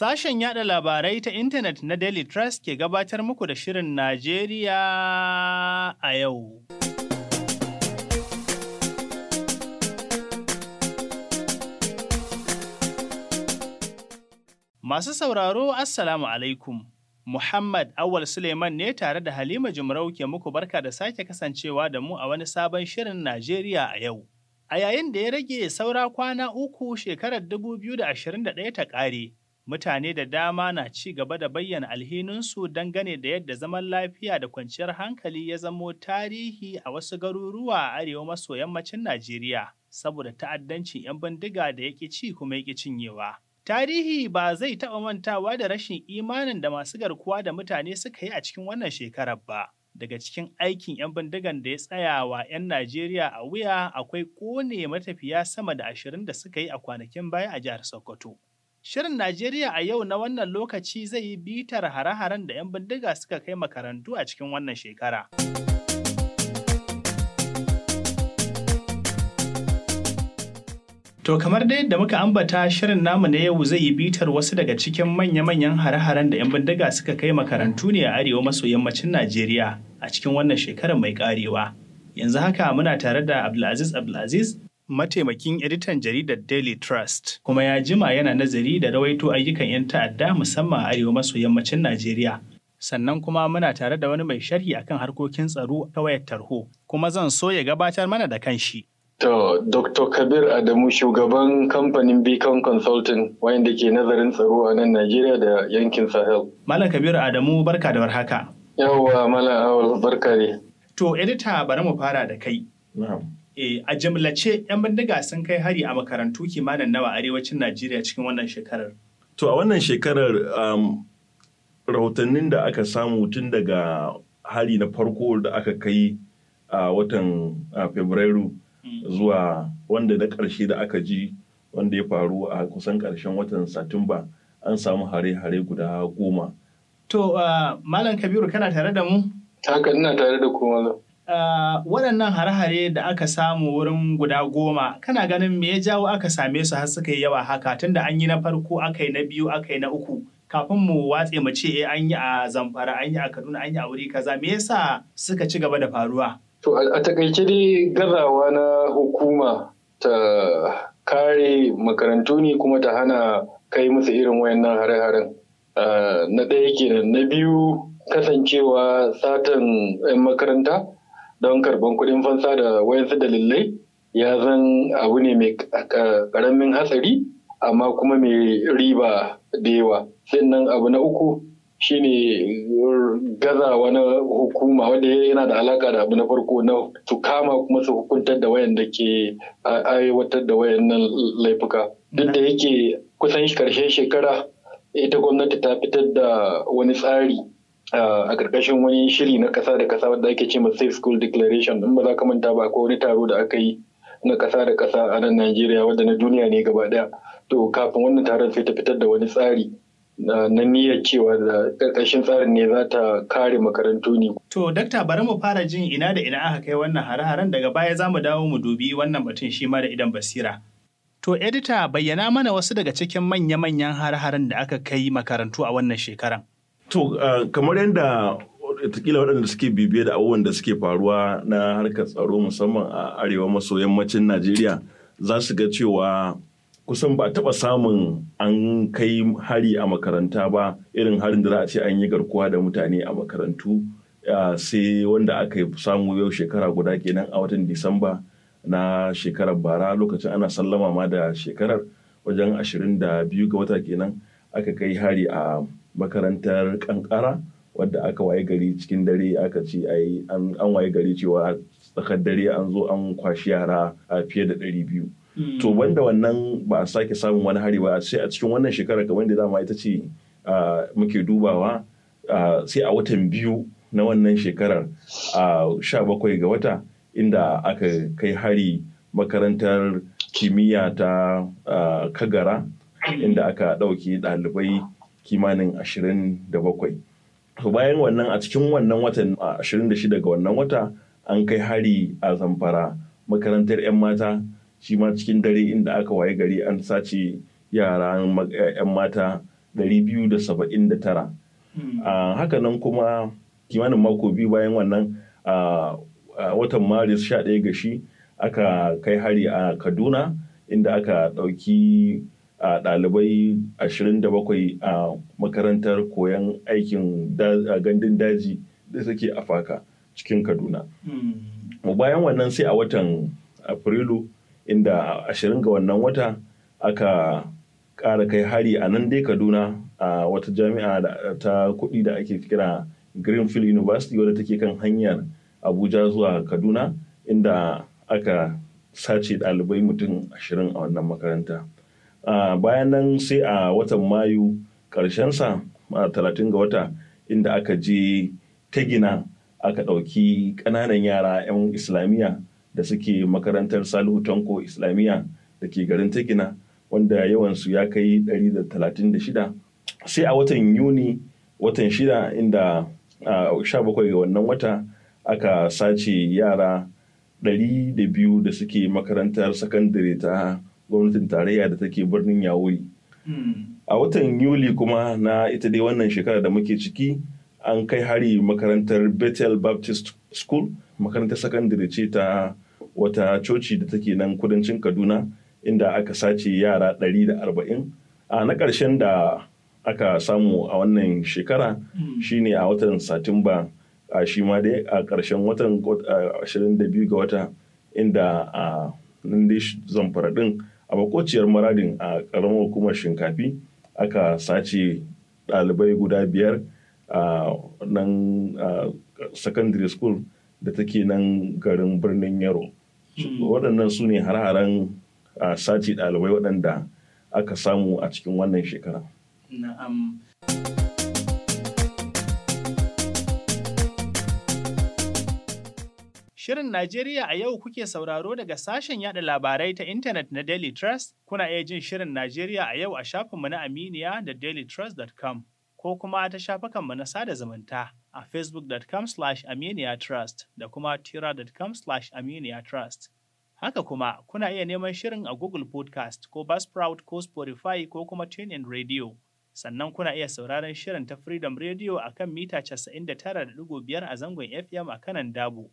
Sashen yada labarai ta intanet na Daily Trust ke gabatar muku da Shirin Najeriya a yau. Masu sauraro, Assalamu alaikum. Muhammad Awal Suleiman ne tare da Halima Jumrau ke muku barka da sake kasancewa da mu a wani sabon Shirin Najeriya a yau. A yayin da ya rage saura kwana uku shekarar 2021 ta ƙare. Mutane da dama na ci gaba da bayyana alhininsu dangane da yadda zaman lafiya da kwanciyar hankali ya zamo tarihi a wasu garuruwa a arewa maso yammacin Najeriya saboda ta'addancin 'yan bindiga da ya ci kuma yake cinyewa. Tarihi ba zai taɓa mantawa da rashin imanin da masu garkuwa da mutane suka yi a cikin wannan shekarar ba. daga cikin aikin 'yan bindigan da ya tsaya wa 'yan Najeriya a wuya akwai ƙone matafiya sama da ashirin da suka yi a kwanakin baya a jihar Sokoto. Shirin Najeriya a yau na wannan lokaci zai yi bitar hare-haren da 'yan bindiga suka kai makarantu a cikin wannan shekara. To kamar dai da muka ambata shirin namu na yau zai yi bitar wasu daga cikin manya-manyan hare-haren da 'yan bindiga suka kai makarantu ne a arewa maso yammacin Najeriya a cikin wannan shekarar mai karewa. Yanzu haka muna tare da Abdulaziz Abdulaziz mataimakin editan jaridar Daily Trust, kuma ya jima yana nazari da rawaito ayyukan 'yan ta'adda musamman a arewa maso yammacin Najeriya. Sannan kuma muna tare da wani mai sharhi akan harkokin tsaro ta wayar tarho, kuma zan so ya gabatar mana da kanshi. To, Dr. Kabir Adamu shugaban kamfanin Beacon Consulting da ke nazarin tsaro a nan Najeriya da yankin Sahel. Malam Kabir Adamu barka da warhaka. Yawwa Malam Awal barka ne. To, edita bari mu fara da kai. Eh, a jimlace 'yan bindiga sun kai hari a makarantu kimanin nawa arewacin Najeriya cikin wannan shekarar. To a wannan shekarar um, rahotannin da aka samu tun daga hari na farko da aka kai a watan Fabrairu hmm. zuwa wanda na ƙarshe da aka ji wanda ya faru a kusan ƙarshen watan Satumba an samu hare-hare guda goma. To uh, Malam Kabiru kana tare da mu? Haka ina tare da kuma. Ah, waɗannan hare-hare da aka samu wurin guda goma kana ganin me ya jawo aka same su har suka yi yawa haka tunda an yi na farko aka yi na biyu aka yi na uku kafin mu watse mu ce eh, an yi a zamfara an yi a kaduna an yi a wuri kaza me yasa suka ci gaba da faruwa to a takaice dai gazawa na hukuma ta kare makarantu ne kuma ta hana kai musu irin wayannan hare-haren ah, na ɗaya kenan na biyu kasancewa satan 'yan makaranta don karban kudin fansa da wayansu dalilai ya zan abu ne mai karamin hatsari amma kuma mai riba da yawa sannan abu na uku shine gaza wani hukuma wanda yana da alaka da abu na farko na su kama kuma su hukuntar da wayan da ke aiwatar da wayannan laifuka duk da yake kusan karshen shekara ita gwamnati ta fitar da wani tsari a ƙarƙashin wani shiri na ƙasa da ƙasa wanda ake ce ma safe school declaration in ba za ka manta ba ko wani taro da aka yi na ƙasa da ƙasa a nan Najeriya wanda na duniya ne gaba ɗaya to kafin wannan taron sai ta fitar da wani tsari na niyyar cewa da ƙarƙashin tsarin ne za ta kare makarantu ne. To, dakta bari mu fara jin ina da ina aka kai wannan hare-haren daga baya za mu dawo mu dubi wannan batun shi ma da idan basira. To, edita bayyana mana wasu daga cikin manya-manyan hare-haren da aka kai makarantu a wannan shekaran. To, eh, kamar yadda watakila waɗanda suke bibiye da abubuwan da suke faruwa na harkar tsaro musamman a arewa maso yammacin Najeriya za su ga cewa kusan ba taɓa samun an kai hari a makaranta ba irin harin da za a ce an yi garkuwa da mutane a makarantu eh, sai wanda aka samu yau shekara guda kenan a watan Disamba na shekarar bara lokacin ana sallama ma da shekarar wajen 22 ga wata kenan aka kai hari a makarantar kankara wadda aka waye gari cikin dare aka ce an waye gari cewa tsakar dare an zo an kwashi yara a fiye da ɗari biyu. To hmm. banda wannan ba a sake samun wani hari ba sai a cikin wannan shekarar kamar da dama ita ce muke dubawa sai a watan biyu na wannan shekarar a sha bakwai ga wata inda aka kai hari makarantar kimiyya ta kagara inda aka ɗauki ɗalibai kimanin 27 to bayan wannan a cikin wannan watan 26 ga wannan wata an kai hari a zamfara makarantar 'yan mata shi ma cikin dare inda aka waye gari an sace yara 'yan mata 279 hmm. ah, haka nan kuma kimanin mako biyu bayan wannan a watan maris 11 ga shi aka kai hari a kaduna inda aka ɗauki a ɗalibai 27 a makarantar koyon aikin gandun daji da suke a faka cikin kaduna hmm. bayan wannan sai a watan afrilu inda 20 ga wannan wata aka ƙara kai hari a nan dai kaduna a wata jami'a ta kuɗi da ake kira greenfield university wadda take kan hanyar abuja zuwa kaduna inda aka sace ɗalibai mutum 20 a wannan makaranta. bayan nan sai a watan mayu ƙarshensa a talatin ga wata inda aka je ta gina aka ɗauki ƙananan yara 'yan islamiyya da suke makarantar salihu tanko islamiyya da ke garin ta gina wanda yawansu ya kai 136 sai a watan yuni watan shida inda a 17 ga wannan wata aka sace yara 200 da suke makarantar sakandare ta gwamnatin tarayya da take birnin yawuri a watan yuli kuma na ita dai wannan shekara da muke ciki an kai hari makarantar bethel baptist school makarantar sakandare ce ta wata coci da take nan kudancin kaduna inda aka sace yara 140 a na ƙarshen da aka samu a wannan shekara hmm. shine a watan satumba a shi ma dai a ƙarshen watan 22 ga wata inda a nan dai zamfara ɗin a makociyar maradin a karamar hukumar shinkafi aka sace ɗalibai guda biyar a nan secondary school da take nan garin birnin yaro hmm. waɗannan su ne har-haren sace ɗalibai waɗanda aka samu a cikin wannan shekara. Na'am. Shirin Najeriya a yau kuke sauraro daga sashen yada labarai ta intanet na Daily Trust, kuna iya jin Shirin Najeriya a yau a shafinmu na Aminiya da dailytrust.com ko kuma ta shafukanmu na sada zumunta a facebook.com slash aminiyatrust da kuma tira.com slash aminiyatrust. Haka kuma, kuna iya neman shirin a Google Podcast ko Buzzsprout ko Spotify ko kuma TuneIn Radio. Sannan kuna iya sauraron shirin ta Freedom Radio a kan mita 99.5 a zangon FM a kanan Dabo.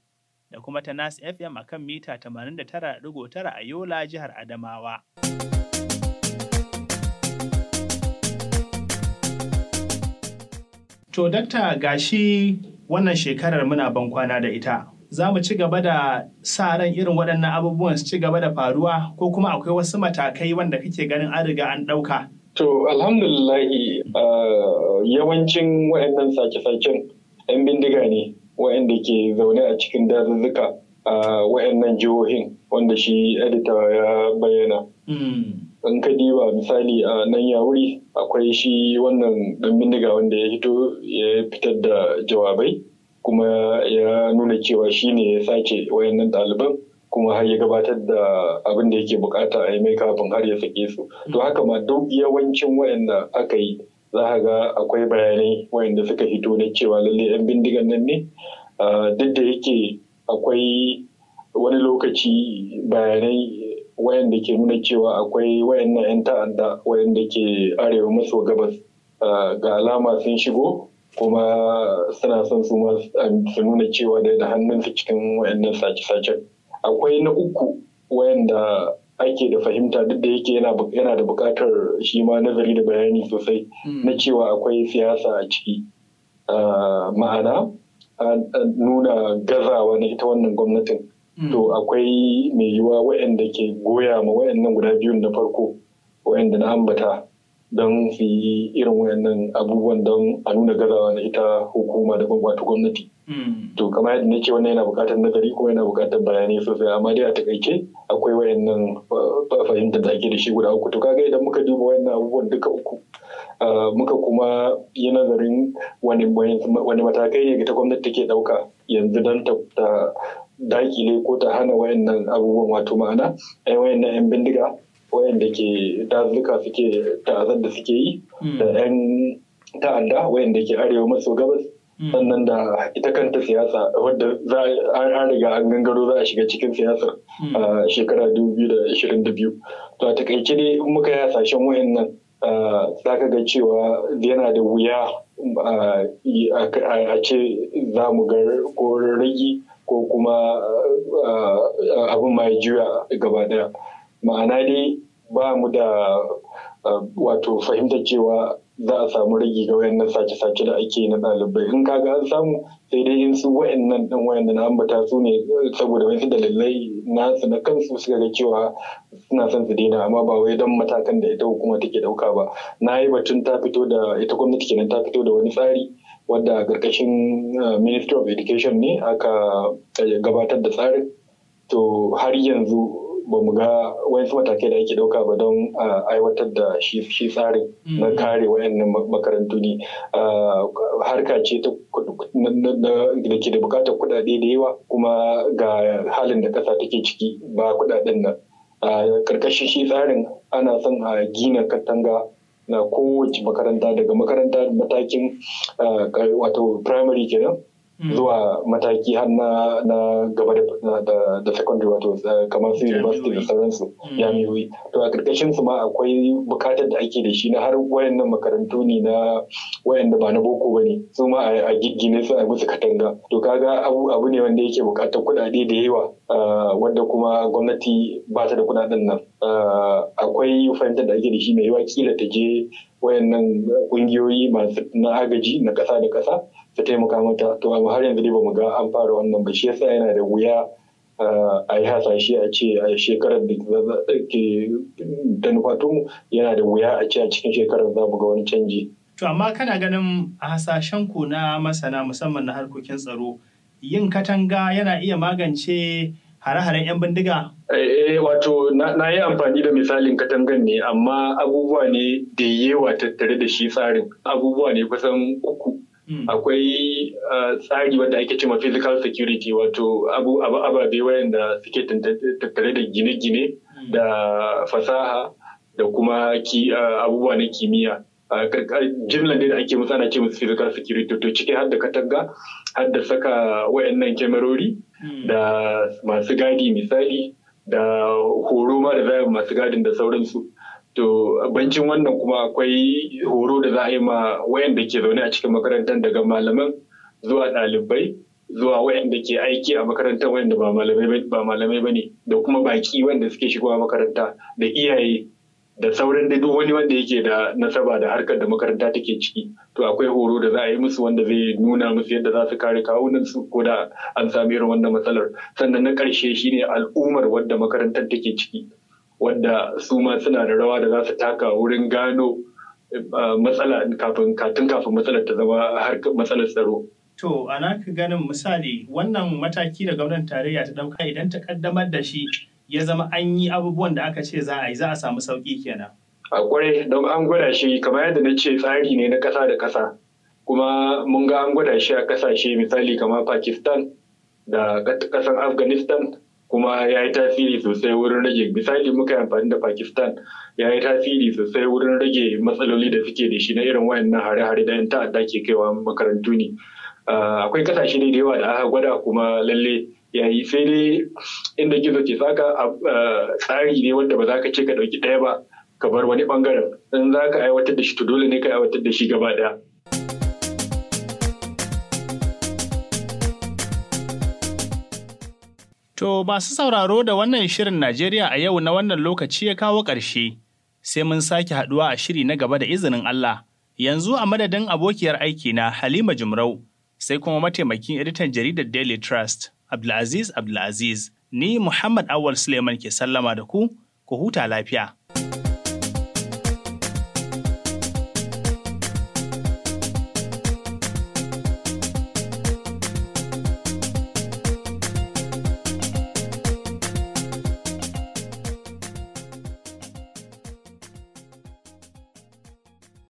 da kuma ta Nas FM a kan mita 89.9 a Yola jihar Adamawa. To, dakta gashi wannan shekarar muna ban kwana da ita. Za mu ci gaba da sa ran irin waɗannan abubuwan su ci gaba da faruwa ko kuma akwai wasu matakai wanda kake ganin an riga an ɗauka. To, alhamdulillahi uh, yawancin waɗannan sake-saken 'yan bindiga ne. waɗanda ke zaune a cikin dazuzzuka a waɗannan jihohin wanda shi edita ya bayyana. Hmm. In ka diba misali a nan ya wuri akwai shi wannan ɗan bindiga wanda ya hito ya fitar da jawabai kuma ya nuna cewa shi ne ya sace wayannan ɗaliban kuma har ya gabatar da abin da yake bukata a yi mai kafin har ya sake su. To hmm. haka ma duk yawancin wayanda aka yi za a ga akwai bayanai wayanda suka hito na cewa lalle 'yan bindigan nan ne duk da yake akwai wani lokaci bayanai wayanda ke nuna cewa akwai wayannan 'yan ta'adda wayanda ke arewa maso gabas ga alama sun shigo kuma suna son su su nuna cewa da hannun su cikin wayannan sace-sacen akwai na uku wayanda ake da fahimta duk da yake yana da buƙatar shi ma nazari da bayani sosai hmm. na cewa akwai siyasa a ciki ah, ma'ana nuna gazawa na ita wannan gwamnatin hmm. to akwai mai yiwa waɗanda ke goya ma waɗannan guda biyun na farko waɗanda na ambata don su yi irin waɗannan abubuwan don a nuna gazawa na ita hukuma da gwamnati to kamar yadda nake wannan yana buƙatar nazari kuma yana buƙatar bayani sosai amma dai a takaice akwai wayannan eh, fahimtar da ake da shi guda uku to kaga idan muka duba wayannan abubuwan duka uku eh, muka kuma yi nazarin wani matakai ne ta gwamnati take ɗauka yanzu don ta dakile ko ta hana wayannan abubuwan wato ma'ana ai wayannan 'yan bindiga wayanda ke dazuka suke ta'azar da suke yi hmm. da 'yan ta'adda wayanda ke arewa maso gabas Mm. sannan da ita kanta siyasa wadda za a riga an gangaro za a shiga cikin siyasar mm. a shekara 2022 to a takaice dai muka yi hasashen nan za ka ga cewa yana da wuya a ce za mu ga ko ko kuma abin ma juya gaba daya ma'ana dai ba mu da wato fahimtar cewa za a samu rage ga wayannan sace-sace da ake na ɗalibai in kaga an samu sai dai in su wayannan ɗan wayanda na ambata su ne saboda wasu dalilai nasu na kansu suka ga cewa suna son su daina amma ba wai don matakan da ita hukuma take ɗauka ba na yi batun ta fito da ita gwamnati kenan ta fito da wani tsari wadda ƙarƙashin eh, ministry of education ne aka eh, gabatar da tsarin to har yanzu ba mu ga wasu matakai da ake ɗauka ba don aiwatar da shi tsarin mm. na kare wayannan makarantu ne harka ce ta da ke da bukatar kuɗaɗe da yawa kuma ga halin da ƙasa take ciki ba kudaden nan a ƙarƙashin shi tsarin ana son a gina katanga na kowace makaranta daga makaranta matakin wato primary kenan Mm. zuwa mataki har na gaba da secondary wato eh, kamar su university da sauransu mm. miyoyi to a karkashin su ma akwai bukatar da ake da shi na har wayannan makarantu ne na wayanda ba na boko ba ne su ma a giggine su a musu katanga to kaga abu abu ne wanda yake bukatar kuɗaɗe da yawa eh, wanda kuma gwamnati ba ta da kuɗaɗen nan eh, akwai fahimtar da ake da shi mai yawa kila ta je wayannan ƙungiyoyi masu na agaji na ƙasa da ƙasa ta taimaka mata to amma har yanzu dai bamu ga an fara wannan ba shi yasa yana da wuya ah, a yi hasashe a ce a shekarar da ke da nufatun yana da wuya a ce a cikin shekarar za mu ga wani canji. To amma kana ganin a hasashen ku na masana musamman na harkokin tsaro yin katanga yana iya magance hare-haren 'yan bindiga? Eh, eh wato na yi amfani da misalin katangan ne amma abubuwa ne da yawa tattare da shi tsarin abubuwa ne kusan uku Hmm. akwai uh, tsari wanda ake cewa physical security wato ababe wayanda suke tattare da gine-gine hmm. da fasaha da kuma uh, abubuwa na kimiyya uh, jimlan da ake musu ana ce musu physical security to ciki har da katanga har da saka wayannan kyamarori hmm. da masu gadi misali da horo ma da zai masu gadin da sauransu To bancin wannan kuma akwai horo da za a yi ma wayanda ke zaune a cikin makarantar daga malaman zuwa ɗalibai zuwa wayanda ke aiki a makarantar wayanda ba malamai ba malamai bane da kuma baki wanda suke shigowa makaranta da iyaye da sauran duk wani wanda yake da nasaba da harkar da makaranta take ciki to akwai horo da za a yi musu wanda zai nuna musu yadda za su kare kawunan su ko da an sami irin wannan matsalar sannan na ƙarshe shine al'ummar wadda makarantar take ciki Wanda su ma suna da rawa da za su taka wurin gano eh, matsala kafin katin kafin matsalar ta zama har matsalar tsaro. To, ana ka ganin misali wannan mataki da gwamnatin tarayya ta ɗauka idan ta kaddamar da shi ya zama an yi abubuwan da aka ce za a yi za a samu sauƙi kenan. A kwarai don an gwada shi kamar yadda na ce tsari ne na ƙasa da ƙasa kuma mun ga an gwada shi a ƙasashe misali kamar Pakistan da ƙasar Afghanistan kuma ya yi tasiri sosai wurin rage misali muka yi amfani da pakistan ya yi tasiri sosai wurin rage matsaloli da suke da shi na irin wayannan hare-hare da 'yan ta'adda ke kaiwa makarantu ne ah, akwai kasashe da yawa da aka gwada kuma lalle ya yi sai dai inda gizo ke saka ah, tsari ne wanda ba za ka ce ka ɗauki ɗaya ba ka bar wani ɓangaren in za ka aiwatar da shi to dole ne ka aiwatar da shi gaba ɗaya To masu sauraro da wannan shirin Najeriya a yau na wannan lokaci ya kawo ƙarshe, sai mun sake haɗuwa a shiri na gaba da izinin Allah. Yanzu a madadin abokiyar aiki na Halima Jumrau, sai kuma mataimakin editan jaridar Daily Trust, Abdulaziz Abdulaziz, ni Muhammad Awal Suleiman ke sallama da ku, ku huta lafiya.